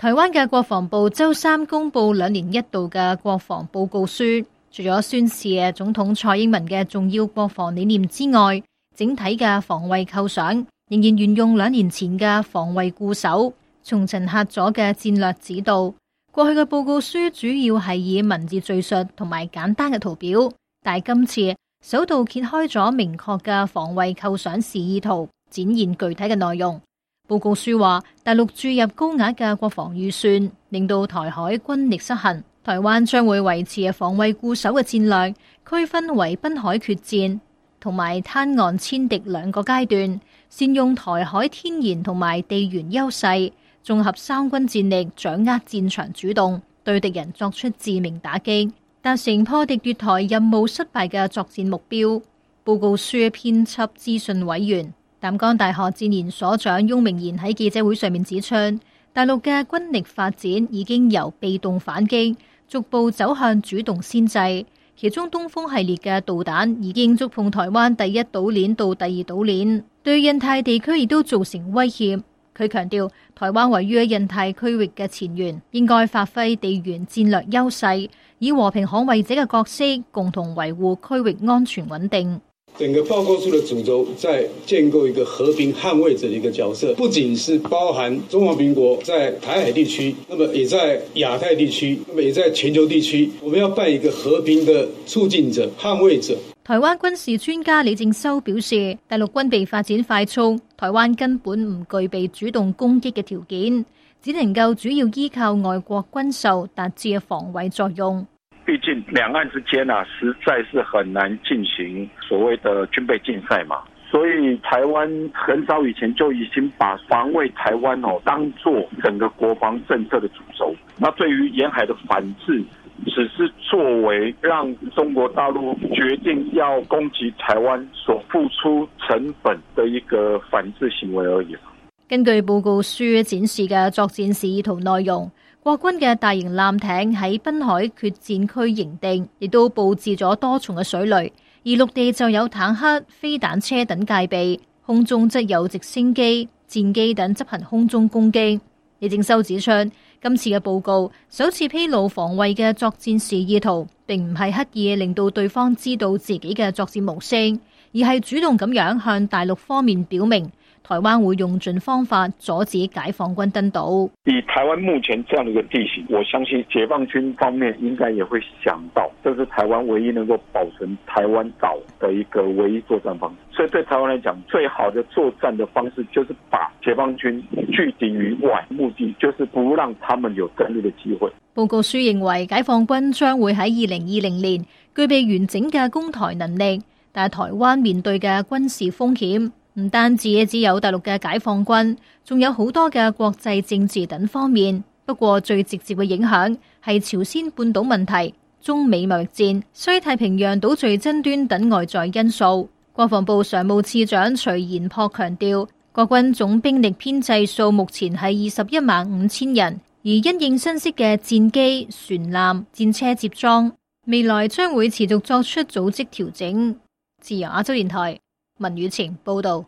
台灣嘅國防部周三公布兩年一度嘅國防報告書，除咗宣示總統蔡英文嘅重要國防理念之外，整體嘅防衛構想仍然沿用兩年前嘅防衛固守、重層嚇阻嘅戰略指導。過去嘅報告書主要係以文字敘述同埋簡單嘅圖表，但今次首度揭開咗明確嘅防衛構想示意圖，展現具體嘅內容。報告書話，大陸注入高額嘅國防預算，令到台海軍力失衡。台灣將會維持防衛固守嘅戰略，區分為濱海決戰同埋灘岸殲敵兩個階段，善用台海天然同埋地緣優勢，綜合三軍戰力，掌握戰場主動，對敵人作出致命打擊，達成破敵奪台任務失敗嘅作戰目標。報告書編輯資訊委員。淡江大學戰研所長翁明賢喺記者會上面指出，大陸嘅軍力發展已經由被動反擊，逐步走向主動先制，其中東風系列嘅導彈已經觸碰台灣第一島鏈到第二島鏈，對印太地區亦都造成威脅。佢強調，台灣位於印太區域嘅前緣，應該發揮地緣戰略優勢，以和平捍衞者嘅角色，共同維護區域安全穩定。整個報告書的主軸在建構一個和平捍衛者的一個角色，不僅是包含中華民國在台海地區，那麼也在亞太地區，也在全球地區，我們要辦一個和平的促進者、捍衛者。台灣軍事專家李正修表示，大陸軍備發展快速，台灣根本唔具備主動攻擊嘅條件，只能夠主要依靠外國軍售達至嘅防衛作用。畢竟兩岸之間啊，實在是很難進行所謂的軍備競賽嘛。所以台灣很早以前就已經把防衛台灣哦，當作整個國防政策的主軸。那對於沿海的反制，只是作為讓中國大陸決定要攻擊台灣所付出成本的一個反制行為而已啦。根據報告書展示嘅作戰示意圖內容，國軍嘅大型艦艇喺濱海決戰區營定，亦都布置咗多重嘅水雷，而陸地就有坦克、飛彈車等戒備，空中則有直升機、戰機等執行空中攻擊。李正修指出，今次嘅報告首次披露防衛嘅作戰示意圖，並唔係刻意令到對方知道自己嘅作戰模式，而係主動咁樣向大陸方面表明。台灣會用盡方法阻止解放軍登島。以台灣目前這樣的一個地形，我相信解放軍方面應該也會想到，這是台灣唯一能夠保存台灣島的一個唯一作戰方式。所以對台灣來講，最好的作戰的方式就是把解放軍聚集於外，目的就是不讓他們有登陸的機會。報告書認為，解放軍將會喺二零二零年具備完整嘅攻台能力，但係台灣面對嘅軍事風險。唔單止只有大陸嘅解放軍，仲有好多嘅國際政治等方面。不過最直接嘅影響係朝鮮半島問題、中美貿易戰、西太平洋島嶼爭端等外在因素。國防部常務次長徐衍璞強調，國軍總兵力編制數目前係二十一萬五千人，而因應新式嘅戰機、船艦、戰車接裝，未來將會持續作出組織調整。自由亞洲電台文宇晴報道。